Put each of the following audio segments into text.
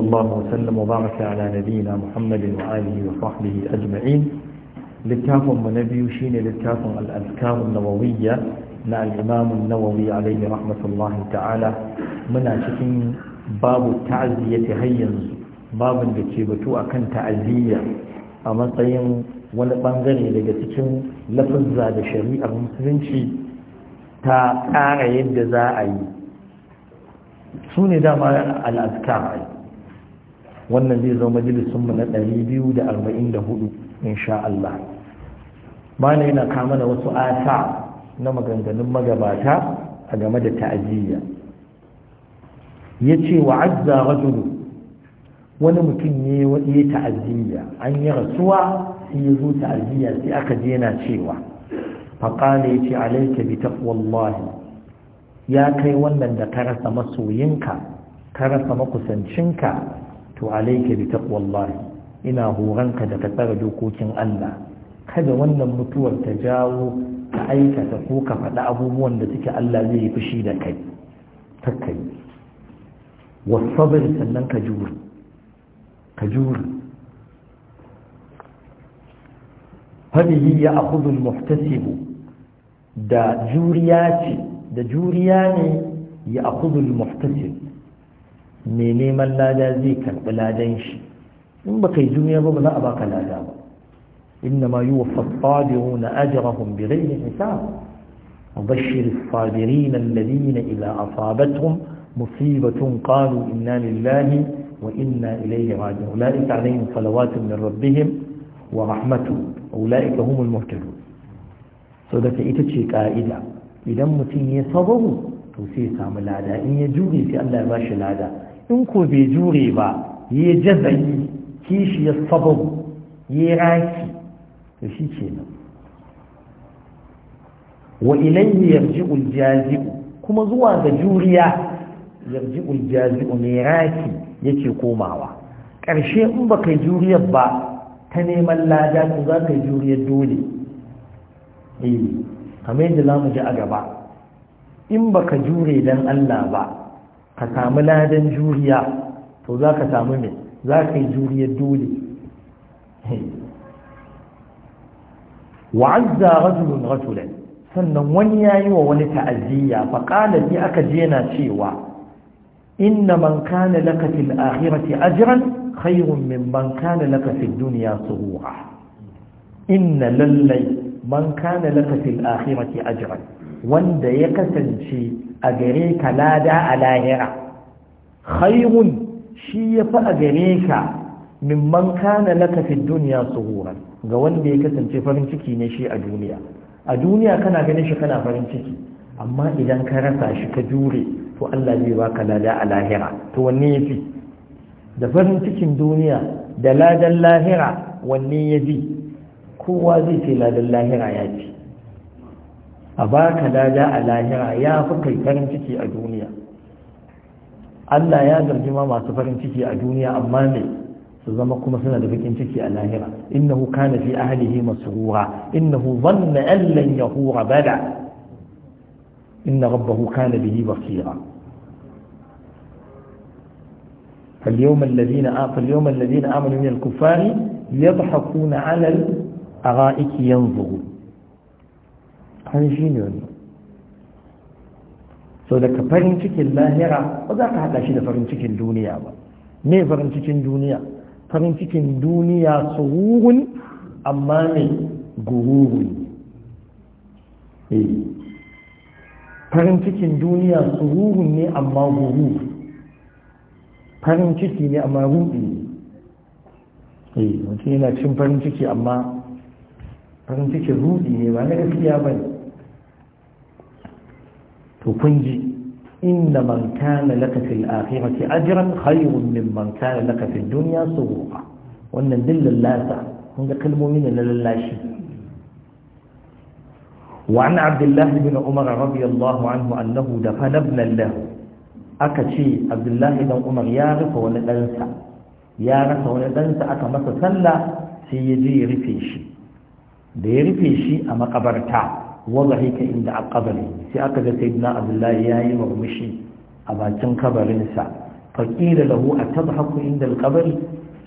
الله وسلم وبارك على نبينا محمد وآله وصحبه أجمعين للتافن ونبي شين للتافن الأذكار النووية مع الإمام النووي عليه رحمة الله تعالى من شكين باب التعزية هينز باب بتشيبتو أكن تعزية أما طيب wani bangare daga cikin lafazza da shari'ar musulunci ta ƙara yadda za a yi su ne dama al'azkar wannan zai zama mu na 244 insha Allah mana yana kama da wasu asa na maganganun magabata a game da ta'aziyya ya ce wa azza rajulu wani mutum ne ya ta'aziyya an yi rasuwa sai ya zo ta'aziyya sai aka je yana cewa faƙala ya ce alaika bi taqwallahi ya kai wannan da ka rasa masoyinka ka rasa makusancinka to alaika bi taqwallahi ina horanka da ka tsara dokokin Allah kada wannan mutuwar ta jawo ka aikata ko ka faɗi abubuwan da suke Allah zai yi fushi da kai takkai wasabir sannan ka juri ka juri hadihi ya akhudhu almuhtasib da juriya ce da juriya ne ya akhudhu almuhtasib mai neman lada zai karɓi ladan shi in ba kai juriya ba ba za a baka lada ba inna ma yi wa fasfadiru na ajirahun birai ne hisab وبشر الصابرين الذين إذا أصابتهم مصيبة قالوا إنا لله وإنا إليه راجعون أولئك عليهم صلوات من ربهم ورحمة أولئك هم المهتدون صدق إتشي قائدة إذا متين يصبروا توسيسا من العداء إن يجوري في الله باشي العداء in ko bai jure ba ya jazayi kishi ya sabon ya raki da shi ke nan wa ilayhi yarji'ul jazi'u kuma zuwa ga juriya yarji'ul jazi'u mai raki yake komawa ƙarshe in ba kai juriyar ba ta neman lada ko za ka juriyar dole eh kamar yadda za mu ji a gaba in ba ka jure dan Allah ba ka samu ladan juriya to za ka samu mai za ka yi juriyar dole wa'azza rajulun rajulan sannan wani ya yi wa wani ta'aziyya faƙala sai aka je na cewa inna man kana laka fil akhirati ajran khayrun min man kana laka fid dunya surura inna lallai man kana laka fil akhirati ajran wanda ya kasance a gare ka lada a lahira khairun shi ya fi a gare ka mimman kana laka duniya tsohuran ga wanda ya kasance farin ciki ne shi a duniya a duniya kana ganin shi kana farin ciki amma idan ka rasa shi ka jure to Allah zai baka lada a lahira to wanne yafi da farin cikin duniya da ladan lahira wanne ya fi? kowa zai ce ladan lahira ya fi. a baka lada a lahira ya fi kai farin ciki a duniya Allah ya zargi ma masu farin ciki a duniya amma ne su zama kuma suna da bakin ciki a lahira innahu kana fi ahlihi masrura innahu dhanna an lan yahura bala inna rabbahu kana bihi basira فاليوم الذين فاليوم الذين آمنوا من الكفار يضحكون على الأرائك ينظرون ƙanshi ne wani so daga farin cikin lahira ba za ka haɗa shi da farin cikin duniya ba me farin cikin duniya farin cikin duniya tsohon amma ne gururun eh. farin cikin duniya tsohon ne amma gururu farin ciki ne amma ruɗi ne eh, mutum yana cin farin ciki amma farin cikin ruɗi ne ba na gaskiya ba ne to kun ji inda man kana laka fil akhirati ajran khayrun min man kana laka fil dunya suwa wannan din lallasa kun ga kalmomin na lallashi wa an abdullah ibn umar radiyallahu anhu annahu da fanabna lahu aka ce Abdullahi ibn umar ya rufe ya rasa wani ɗansa aka masa sallah sai ya je ya rufe shi da ya rufe shi a makabarta ka inda a kabari sai aka ga sayyidina abdullahi ya yi murmushi a bakin kabarinsa da lahu a taba haku inda alkabari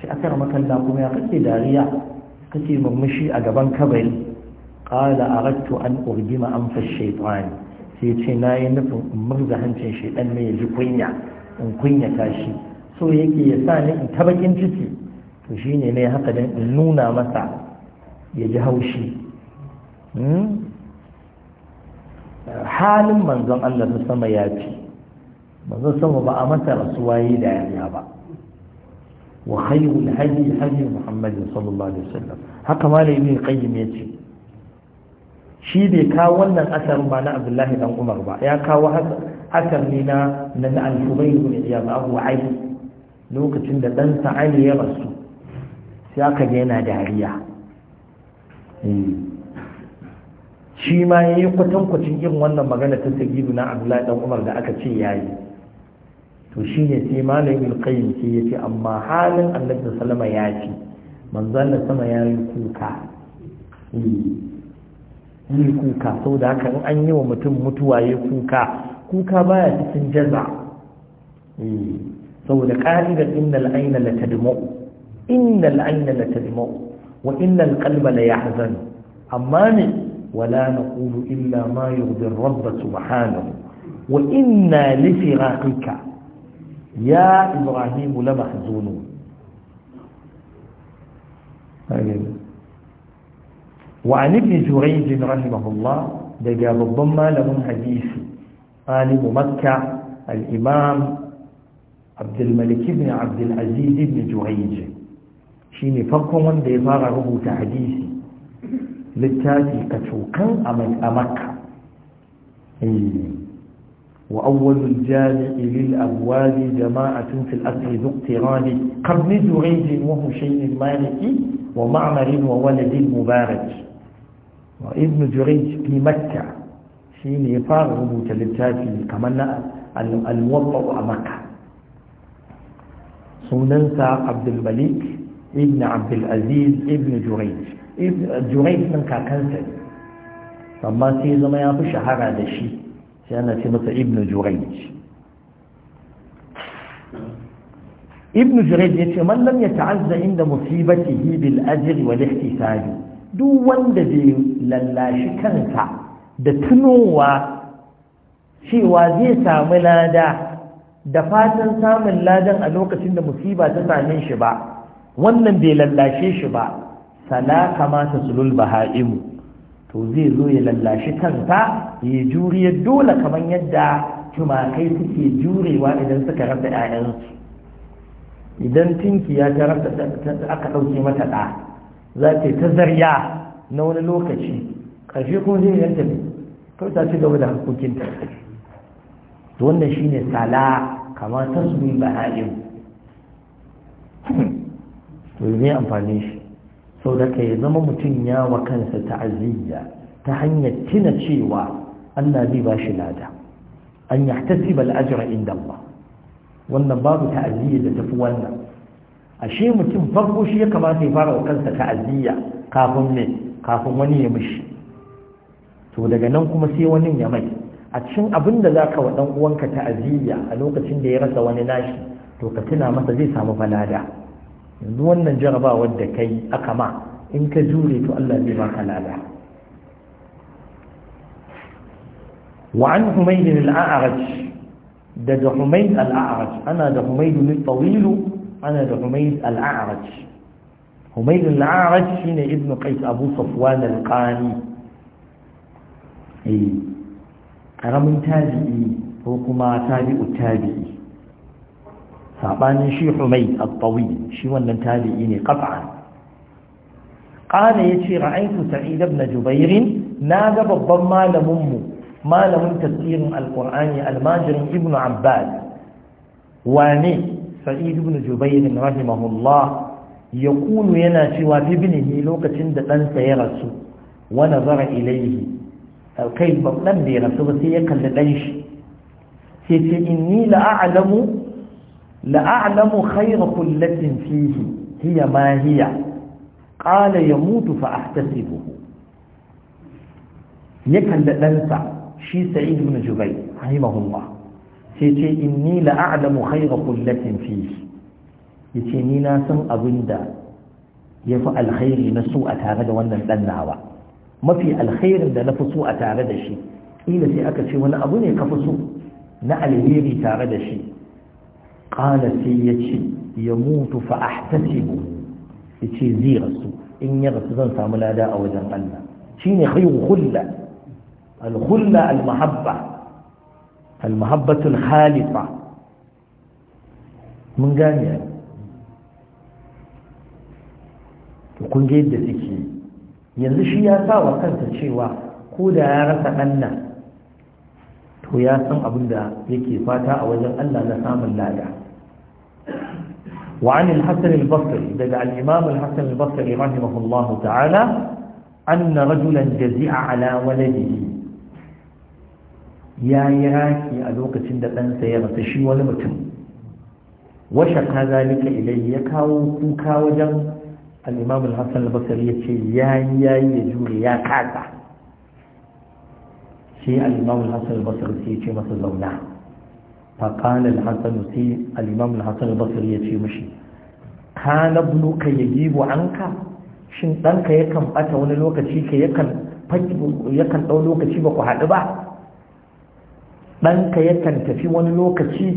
sai aka ramakalla kuma ya kake dariya kake murmushi a gaban kabari ƙala arattu an urgima an fashaitani sai ce na yi nufin murza hancin shaidan mai ya ji kunya in kunya tashi so yake ya sa ni in ta bakin ciki to shine ne haka dan in nuna masa ya ji haushi halin manzon Allah ta sama ya fi manzon sama ba a mata rasuwa da yaya ba wa khayrul hadi hadi Muhammad sallallahu alaihi wasallam haka malai ibn qayyim yace shi bai kawo wannan asarin ba na Abdullahi dan Umar ba ya kawo asar ne na na al-Hubayr ibn Iyad Abu Ali lokacin da dan sa Ali ya rasu sai aka ga yana dariya eh. shi ma ya yi kwatankwacin yin wannan magana ta sagidu na abdullahi dan umar da aka ce ya yi to shi ne sai malam ibn qayyim ce ya ce amma halin annabi sallama ya ce manzon da sama ya yi kuka eh, yi kuka saboda haka in an yi wa mutum mutuwa ya kuka kuka baya cikin jaza eh, saboda ƙa'idar innal aina la tadma'u innal aina la tadma'u wa innal qalba la yahzan amma ne ولا نقول إلا ما يرضي الرب سبحانه وإنا لفراقك يا إبراهيم لمحزونون طيب. وعن ابن جريج رحمه الله دجاب الضمة لهم حديث قال مكة الإمام عبد الملك بن عبد العزيز بن جريج شيني فقه ديفار ربو تحديثي littafi a cokan a makka eh, wa awwalul jami'i lil abwali jama'atun fil asri zuqtirani qabli duridi wa hushaynin maliki wa ma'marin wa waladin mubarak wa ibnu jurayj fi makka shine ya fara rubuta littafi kamar na al-muwatta a makka sunansa abdul malik ibn abdul aziz ibn jurayj jurai sun kakansa ne amma sai zama ya fi shahara da shi sai ana ce masa ibn jurai ibn jurai ya ce mallam ya ta'azza inda musibatihi bil ajri wal ihtisabi duk wanda bai lallashi kansa da tunowa cewa zai samu lada da fatan samun ladan a lokacin da musiba ta same shi ba wannan bai lallashe shi ba fala kamata sulul baha'imu to zai zo ya lallashi kansa ya juriya dole kamar yadda tumakai suke jurewa idan suka rasa 'ya'yansu idan ya ta rasa aka ɗauke mata ɗa za ta ta zarya na wani lokaci ƙarshe kuma zai yi ne kawai ta ci gaba da harkokinta wannan shine sala kamar sulul bahaim hmm. to ne amfani shi sau da ka zama mutum ya wa kansa ta'aziyya ta hanyar tina cewa Allah zai ba shi lada an ya tasiba al'ajira inda Allah wannan babu ta'aziyya da tafi wannan ashe mutum farko shi ya kamata ya fara wa kansa ta'aziyya kafin ne kafin wani ya mishi to daga nan kuma sai wani ya mai a cikin abin da za ka wa ɗan uwanka ta'aziyya a lokacin da ya rasa wani nashi to ka tuna masa zai samu falada yanzu wannan jarabawar da kai aka ma in ka jure to Allah zai baka lada wa an humayd al-a'raj daga humayd al-a'raj ana da humayd al-tawil ana da humayd al-a'raj humayd al-a'raj shine ibn qais abu safwan al-qani eh karamin tabi'i ko kuma tabi'u tabi'i saɓanin shi humai a tsawi shi wannan tabi'i ne qat'an qala yace ra'aytu sa'id ibn jubair na ga babban malaminmu malamin tafsirin alƙur'ani almajirin ibnu ibn abbas wane sa'id ibn jubair rahimahullah yaqulu yana cewa ne lokacin da ɗansa ya rasu wa nazara ilaihi. kai babban da ya rasu ba sai ya kalli dan shi sai ce inni la mu. la'a'lamu khayra kullatin fihi hiya ma hiya qala yamutu fa ahtasibuhu yakan da ɗansa shi sa'id ibn jubai rahimahullah sai ce inni la'a'lamu khayra kullatin fihi yace ni na san abinda da yafi alkhairi na su a tare da wannan dan nawa mafi alkhairin da na fi a tare da shi kila sai aka ce wani abu ne ka fi na alheri tare da shi qala sai yace ya mutu fa ahtasibu yace zai rasu in ya rasu zan samu lada a wajen Allah shine khayru khulla al khulla al mahabba al mahabbatu al mun gane to kun ga yadda yanzu shi ya sa wa cewa ko da ya rasa ɗan to ya san abin da yake fata a wajen Allah na samun lada وعن الحسن البصري دعا الإمام الحسن البصري رحمه الله تعالى أن رجلا جزع على ولده يا يراكي ألوك تند أنسى يغتشي ولمتم وشق ذلك إليه يكاو كوكا وجم الإمام الحسن البصري يا يا يجوري يا كاتا sai al-imam al-hasan al-basri sai ya ce masa zauna fa qala al-hasan sai al-imam al-hasan al-basri ya ce mishi kana ibnuka yajibu anka shin danka yakan bata wani lokaci Ka yakan yakan dau lokaci ba ku haɗu ba ɗanka yakan tafi wani lokaci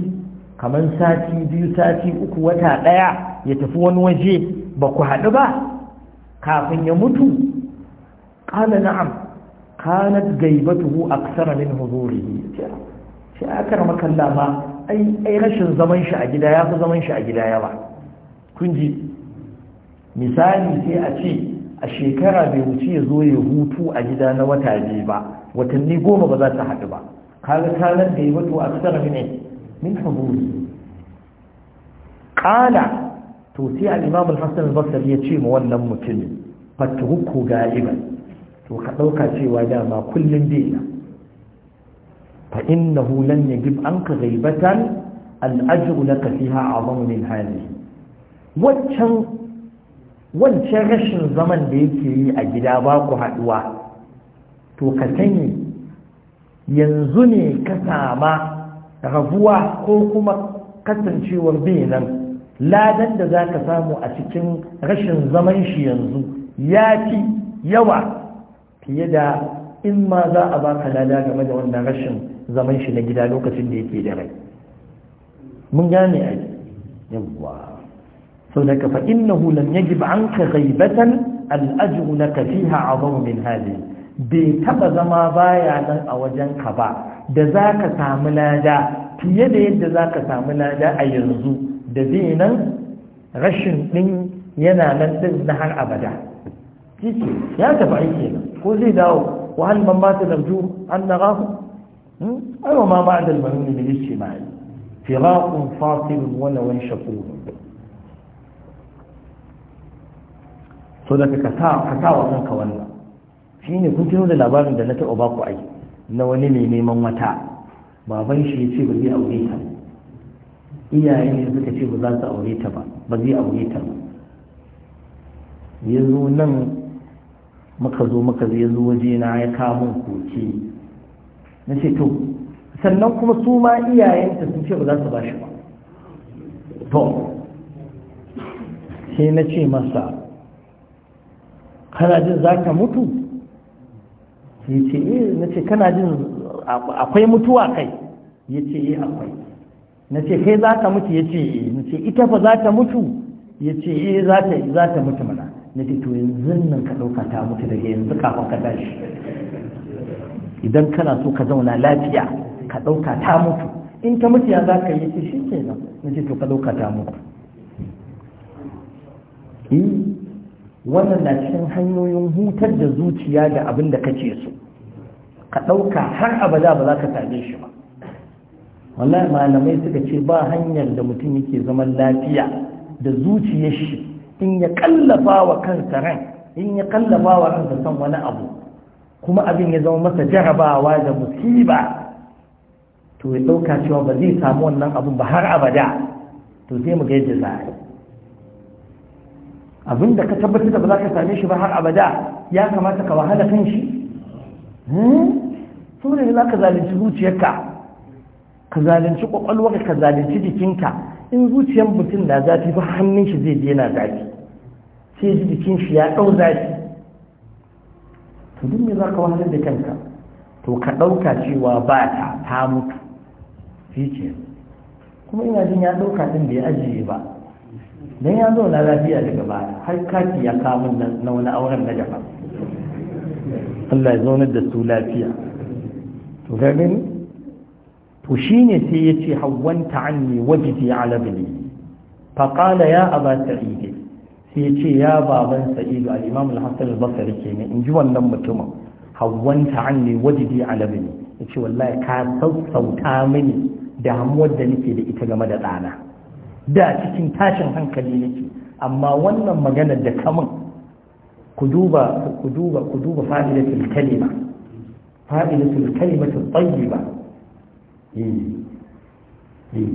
kamar sati biyu sati uku wata ɗaya ya tafi wani waje ba ku haɗu ba kafin ya mutu ƙala na'am kanat gaibatuhu aksara min huzurihi sai aka rama kalla ma ai rashin zaman shi a gida ya fi zaman shi a gida yawa kun ji misali sai a ce a shekara bai wuce ya zo ya hutu a gida na wata biyu ba watanni goma ba za ta haɗu ba kaga kanar da ya wato a tsara mine min huduri ƙala to sai al-imam al-hasan al-basri ya ce ma wannan mutumin fatuhu galiban to ka ɗauka cewa dama kullum bai nan fa innahu lan an anka ghaibatan al na laka a a'zamu min hali wancan rashin zaman da yake yi a gida ba ku haɗuwa to ka sani yanzu ne ka sama rabuwa ko kuma kasancewar nan ladan da za ka samu a cikin rashin zaman shi yanzu ya fi yawa fiye da in ma za a baka lada game da wannan rashin zaman shi na gida lokacin da yake da rai mun gane a yi yawwa sau da kafa innahu ka zaibatan anka na al'ajru laka fiha a min hali bai taba zama baya nan a wajen ka ba da za ka samu lada fiye da yadda za ka samu lada a yanzu da zai nan rashin din yana nan din na har abada ya tafi aiki nan ko zai dawo wa hal man mata darju an nagahu hmm? ai wa ma ba'da al manun bil ijtima'i firaqun fasil wa law shakur so da ka ta ka ta wannan ka wannan shine kun tuno da labarin da na taɓa baku ai na wani mai neman wata baban shi ya ce ba zai aure ta iyaye ne suka ce ba za su aure ta ba ba zai aure ta ba ya nan muka zo muka zai zo waje na ya kamun koke na ce to sannan kuma su ma iyayenta sun ce ba za su ba shi ba to sai na ce masa kana jin za ka mutu ya ce eh na ce kana jin akwai mutuwa kai ya ce eh akwai na ce kai za ka mutu ya ce eh na ce ita fa za ta mutu ya ce eh za ta mutu mana na ce to yanzu nan ka ɗauka ta mutu daga yanzu kafin ka tashi idan kana so ka zauna lafiya ka ɗauka ta mutu in ta mutu ya za ka yi shi kenan na ce to ka ɗauka ta mutu e, wannan na cikin hanyoyin hutar da zuciya da abin da kake so ka ɗauka har abada ba za ka same shi ba wallahi malamai suka ce ba hanyar da mutum yake zaman lafiya da zuciyar shi in ya kallafa wa kansa ran in ya kallafa wa kansa son wani abu kuma abin ya zama masa jarabawa da musiba to ya ɗauka cewa ba zai samu wannan abun ba har abada to sai mu ga yadda za a yi abin da ka tabbatar da ba za ka same shi ba har abada ya kamata ka wahala kan shi hmm? ne za ka zalunci zuciyarka ka zalunci kwakwalwarka ka zalunci jikinka in zuciyar mutum na zafi ba hannun shi zai je na zafi sai ji jikin shi ya ɗau zafi to duk me za ka wahalar da kanka to ka ɗauka cewa ba ta ta mutu shi ce kuma ina jin ya ɗauka ɗin bai ajiye ba don ya zauna lafiya daga baya har kaki ya kamun na wani auren na daban Allah ya zaunar da su lafiya to ga gani to shine sai yace hawwanta anni wajidi ala bani fa qala ya aba ta'idi sai ce ya baban sa'idu al-imam al-hasan al-basri kenan in ji wannan mutumin hawwanta anni wajidi ala bani yace wallahi ka sauta mini damuwar da nake da ita game da ɗana da cikin tashin hankali nake amma wannan maganar da kaman ku duba ku duba ku duba fa'idatul kalima fa'idatul kalimatu tayyiba eh eh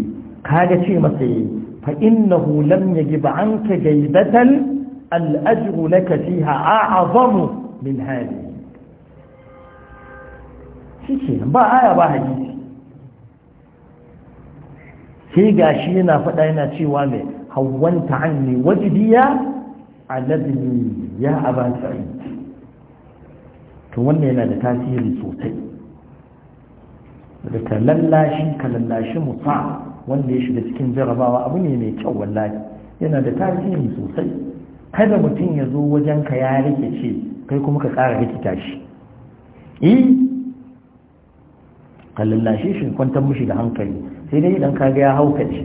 kaga ce masa eh, فإنه لم يجب عنك جيبة الأجر لك فيها أعظم من هذه shi ba aya ba hadisi sai shi yana faɗa yana cewa mai hawanta anni wajibiya, a labini ya aba sa'id to wannan yana da tasiri sosai da ka lallashi ka lallashi mutum wanda ya shiga cikin jarabawa abu ne mai kyau wallahi yana da tasiri sosai kada mutum ya zo wajen ka ya rikice kai kuma ka tsara rikita shi eh kallallashe shi kwantar mushi da hankali sai dai idan kaga ya haukace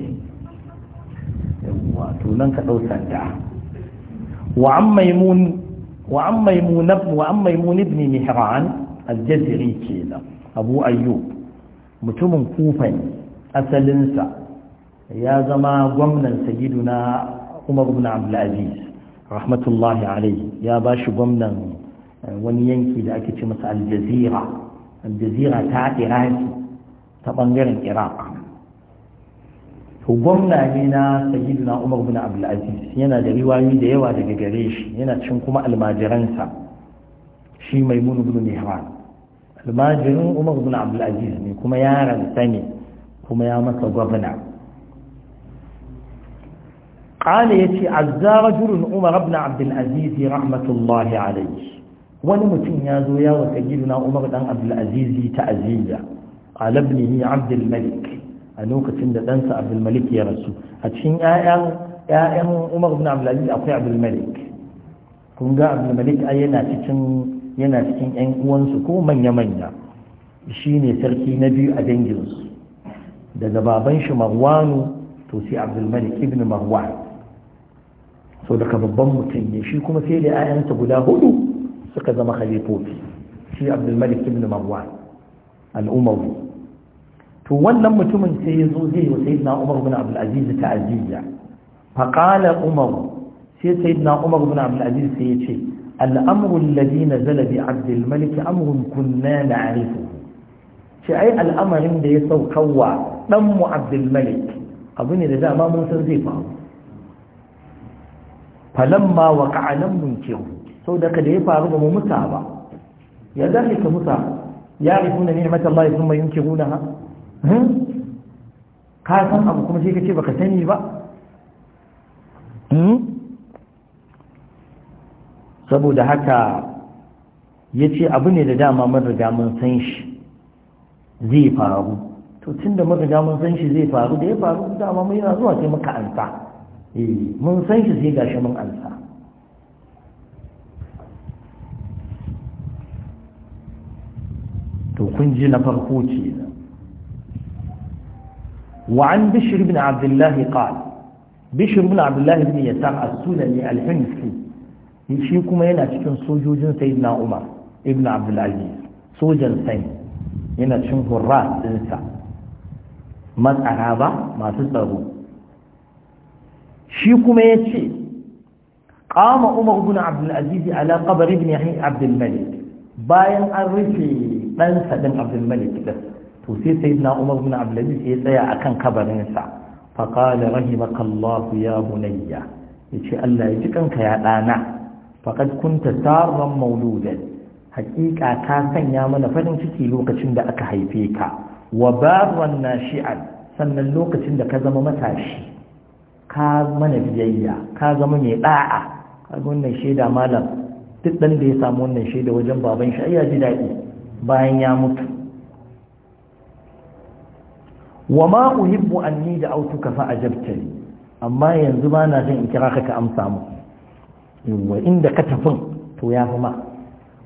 yawwa to nan ka ɗau sanda wa an maimuna wa an maimun wa an maimun ibn mihran al kenan abu ayyub mutumin kufa ne asalinsa ya zama gwamnan na umar ibn abdulaziz rahmatullahi alai ya ba shi gwamnan eh, wani yanki da ake ce masa aljazira aljazira ta iraki ta bangaren iraq gwamna ne na sayyiduna umar bin abdulaziz yana da riwayoyi da yawa daga gare shi yana cin kuma almajiransa shi mai munu mihran almajirin umar bin abdulaziz ne kuma yaran ne kuma ya masa gwamna ƙala ya ce azzara jurin umar abin abdulazizi rahmatullahi alaihi wani mutum ya zo ya wata giduna umar dan abdulazizi ta aziza alabnihi abdulmalik a lokacin da ɗansa abdulmalik ya rasu a cikin 'ya'yan umar bin abdulaziz akwai abdulmalik kun ga abdulmalik a yana cikin yana cikin 'yan uwansu ko manya-manya shi ne sarki na biyu a danginsu daga baban shi marwanu to sai abdulmalik ibn marwan Sau daga babban mutum ne shi kuma sai da 'ya'yansa guda hudu suka zama khalifofi shi abdulmalik ibn marwan al'umawi to wannan mutumin sai ya zo zai wa sayyidina umar bin abdulaziz ta'aziyya faqala umar sai sayyidina umar bin abdulaziz sai ya ce al'amru alladhi nazala bi abdulmalik amrun kunna na'rifuhu shi ai al'amarin da ya saukawa ɗan mu malik abu ne da dama mun san zai faru falamma wa ka'anan munkiru sau da ka da ya faru ba mu musa ba ya zafi ka musa ya rifu ne ni'imata Allah sun mai yunki ha ka san abu kuma sai ka ce baka sani ba hmm? saboda haka ya ce abu ne da dama mun riga mun san shi zai faru to tun da muka ga mun san shi zai faru da ya faru dama mun yana zuwa sai muka ansa eh mun san shi zai gashi mun ansa to kun ji na farko ce وعن بشر بن عبد الله قال بشر Ibn عبد الله بن al السلمي الحنفي shi kuma yana cikin sojojin sayyidina Umar ibn Abdul sojan sai yana cikin hurra sa. matsara ba masu tsaro shi kuma ya ce ƙama umar guna abdulaziz ala ƙabar ibn yahin abdulmalik bayan an rufe ɗansa ɗin abdulmalik ɗin to sai sai na umar guna abdulaziz ya tsaya a kan kabarinsa faƙala rahimaka Allah ya bunayya ya ce Allah ya ji kanka ya ɗana faƙad kunta taron mauludan haƙiƙa ka sanya mana farin ciki lokacin da aka haife ka wa na nashi'an sannan lokacin da ka zama matashi ka mana biyayya ka zama mai ɗa'a, ka wannan shaida malam duk dan da ya samu wannan shaida wajen baban shi ya ji daɗi bayan ya mutu wa ma uhibbu ni da autuka fa ajabtani amma yanzu ba na jin in kira ka ka amsa mu yawa inda ka tafin to ya fi ma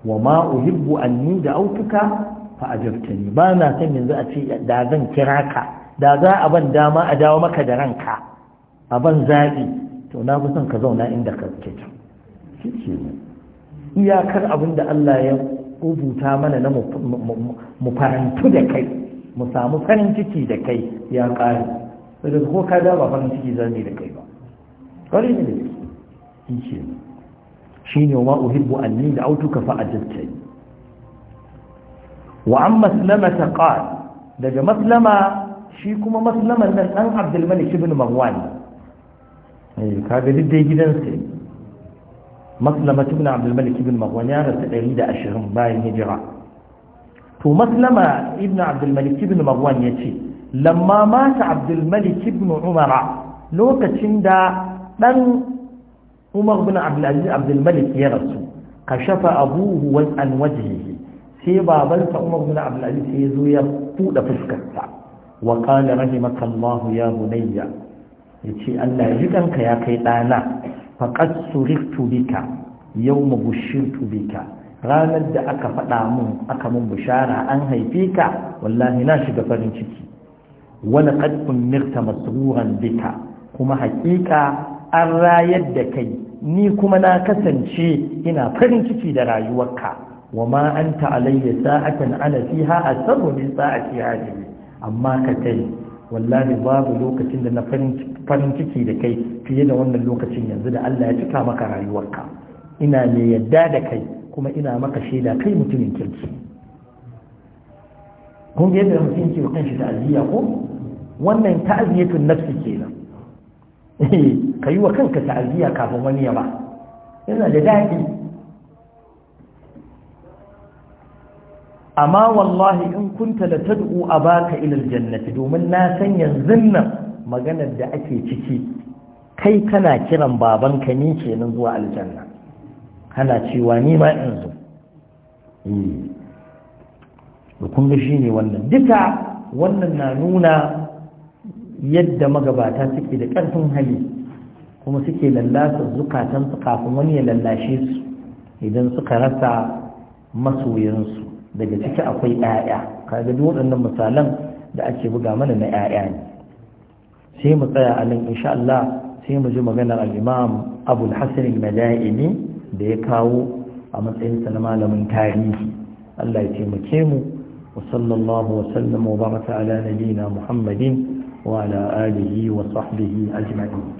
wa ma uhibbu ni da autuka fa ajabtani ba na san yanzu a ce da zan kira ka da za a ban dama a dawo maka da ranka a ban zaɓi to na fi son ka zauna inda ka ke can shi ne iyakar abin da Allah ya rubuta mana na mu farantu da kai mu samu farin ciki da kai ya ƙare sai ko ka da ba farin ciki zami da kai ba kare ne da shi ne shi ne wa an ni da autuka fa ajabtani Wa'an an maslama ta qal daga maslama shi kuma maslaman nan dan abdul malik ibn marwan eh kaga diddai gidansa maslama ibn abdul malik marwan ya rasu 120 bayan hijira to maslama ibn abdul malik Marwan ya ce, lamma mata abdul malik ibn umara lokacin da ɗan umar bin abdul ya rasu ka shafa abuhu wa an wajhihi sai babansa Umar bin Abdul sai ya zo ya buɗe fuskarsa wa qala rahimaka Allah ya bunayya yace Allah ya ji kanka ya kai dana faqad suriftu bika yawma bushirtu bika ranar da aka faɗa mun aka mun bishara an haife ka wallahi na shiga farin ciki wani ƙadfin mirta masruran bika kuma haƙiƙa an rayar da kai ni kuma na kasance ina farin ciki da rayuwarka wa ma anta alayya sa'atan ana a asabu min sa'ati hadhihi amma ka kai wallahi babu lokacin da na farin ciki da kai fiye da wannan lokacin yanzu da Allah ya cika maka rayuwarka ina mai yadda da kai kuma ina maka shaida kai mutumin kirki kun yadda yadda mutum ke kan shi ta'aziyya ko wannan ta'aziyatun nafsi kenan eh kayi wa kanka ta'aziya kafin wani yaba. ba yana da daɗi amma wallahi in kunta la tad'u baka ila aljannati domin na san yanzu nan maganar da ake ciki kai kana kiran babanka ni nan zuwa aljanna kana cewa ni ma in zo eh kun ga shine wannan duka wannan na nuna yadda magabata suke da ƙarfin hali kuma suke lallasa zukatansu kafin wani ya lallashe su idan suka rasa masoyansu daga ciki akwai 'ya'ya kaga duk waɗannan misalan da ake buga mana na 'ya'ya ne sai mu tsaya a nan insha Allah sai mu ji maganar al-Imam Abu al-Hasan al-Madaini da ya kawo a matsayin sa na malamin tarihi Allah ya taimake mu wa sallallahu wa sallama wa baraka ala nabiyyina Muhammadin wa ala alihi wa sahbihi ajma'in